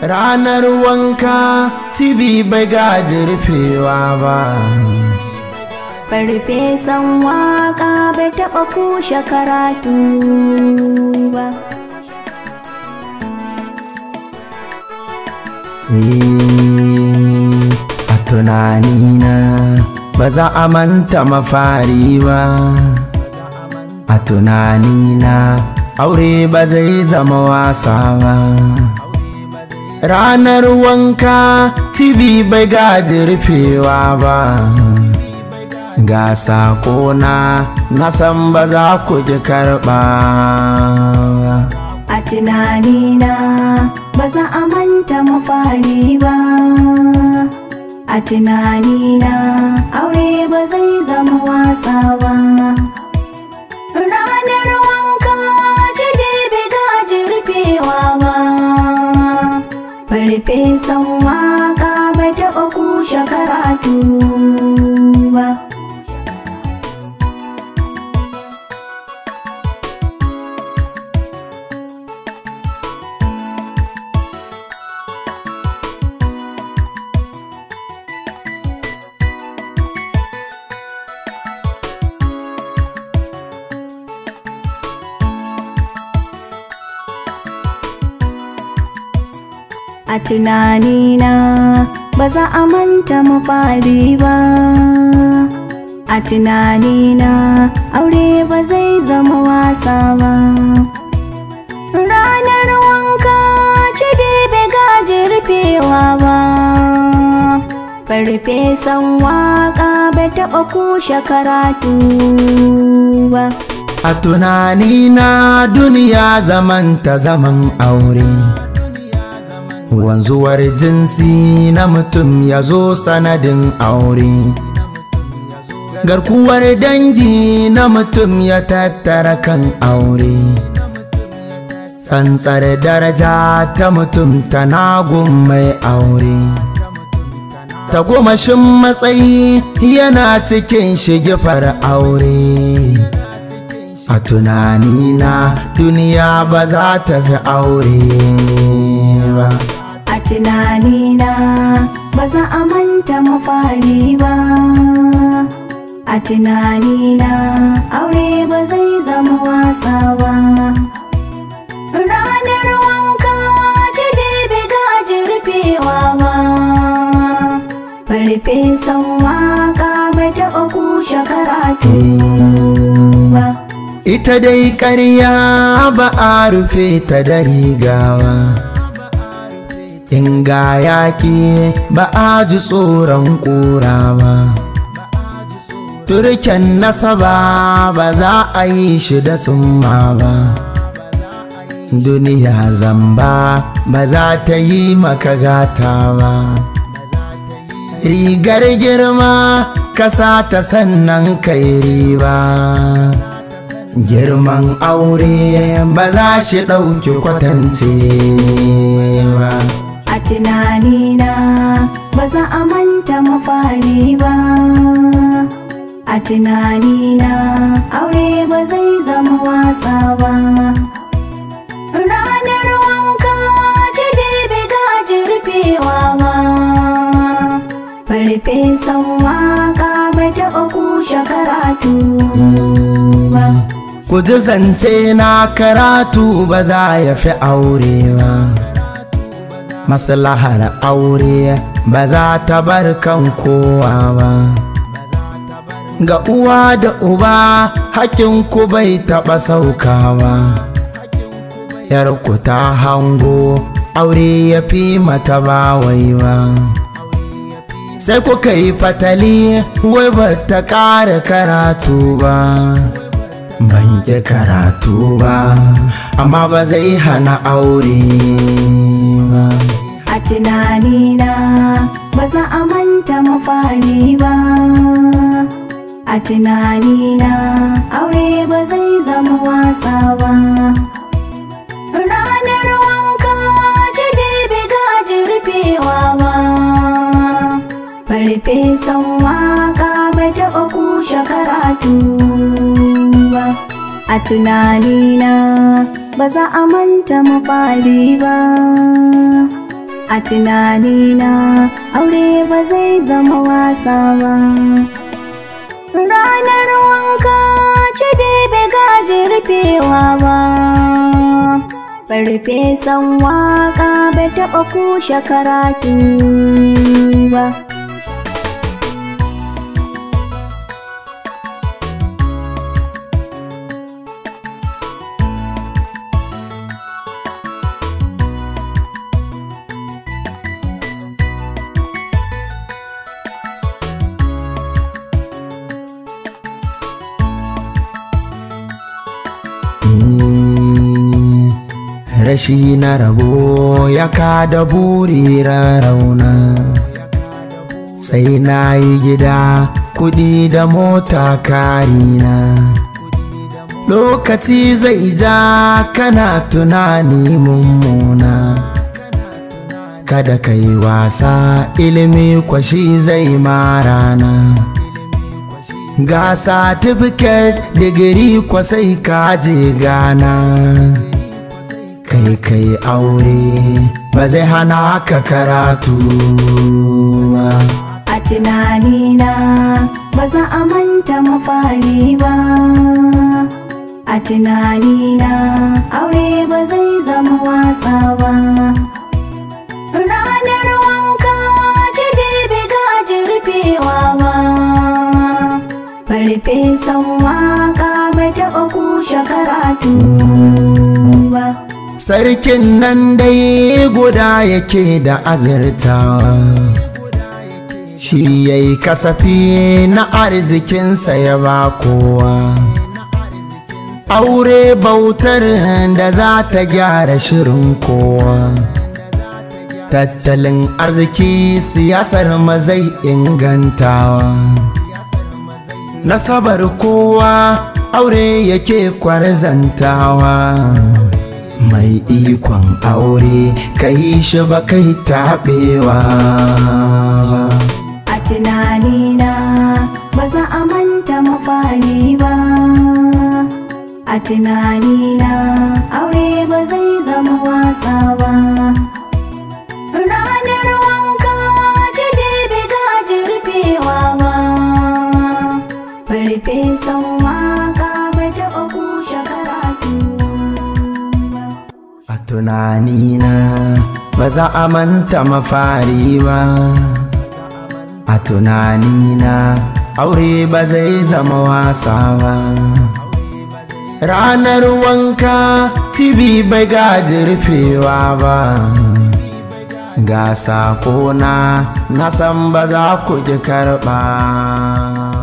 ranar wanka tv bai gaji rufewa ba farfesan waka bai taɓa kushe karatu ba eh, a tunanina ba za a manta mafari ba a tunanina aure ba zai zama wasa ba ranar wanka TV bai gaji rufewa ba ga sako na na san ba za ku ji karɓa a tunanina ba za a manta mafari ba a na aure ba zai zama wasa ba fesan waka bai taɓa kushe karatu ba a tunanina ba za a manta mu ba a tunanina aure ba zai zama wasa ba ranar wanka ci bai gaji rufewa ba farfesan waka bai taɓa kushe karatu ba a tunanina duniya zamanta zaman aure wanzuwar jinsi na mutum ya zo sanadin aure garkuwar dangi na mutum ya tattara kan aure tsantsar daraja ta mutum ta nagun mai aure tagomashin matsayi yana cikin shigifar aure a tunanina duniya ba za ta fi aure Tunani na aure ba zai zama wasa ba ranar wanka ce bebe gaji rufewa ba farfesan waka mata uku kushe karatu ba ita dai karya ba a rufe ta da rigawa in ga yaƙi ba a ji tsoron ƙura ba turken nasaba ba za a yi shi da summa ba duniya zamba ba za ta yi maka gata ba rigar girma kasa ta sannan kai riba girman aure ba za shi ɗauki kwatance ba a tunanina ba za a tunanina aure ba zai zama wasa ba ranar wanka ce bebe gaji rufewa ba farfesan waka ba uku kushe karatu ba ku ji zance na karatu ba za ya fi aure ba maslahar aure ba za ta bar kan kowa ba ga uwa da uba hakin ku bai taɓa saukawa ku ta hango aure ya fi mata waiwa sai kuka yi fatali wai ba ta ƙara karatu ba ban ƙi karatu ba amma ba zai hana aure ba a tunanina ba za a manta mafani ba a tunanina aure ba zai zama wasa ba ranar wanka ce bebe gaji rufewa ba farfesan waka ba taɓa kushe shakaratu ba a tunanina ba za a manta mafali ba a tunanina aure ba zai zama wasa ba wawa, ba farfesan waƙa bai taɓa kushe karatu ba rashi na rabo ya kada buri rauna sai na yi gida kudi da mota karina lokaci zai ja kana tunani mummuna kada ka yi wasa ilimi kwashi zai marana ga satifiket digiri kwasai kaje gana kai kai aure ba zai hana ka karatu ba a tunanina ba za a manta mafari ba a tunanina aure ba zai zama wasa ba ranar wanka ce bebe gaji rufewa ba farfesan waka bai taɓa kushe karatu sarkin nan dai guda yake da azurta shi ya kasafi na arzikinsa ya ba kowa aure bautar da za ta gyara shirin kowa tattalin arziki siyasar mazai Na nasabar kowa aure yake kwarzantawa mai ikon aure kai shi ba kai taɓewa a tunanina ba za a manta mafani ba a tunanina aure ba zai zama wasa ba tunanina ba za a manta mafari ba a tunanina aure ba zai zama wasa ba ranar wanka tibi bai gaji rufewa ba ga sakona na san ba za ku ji karɓa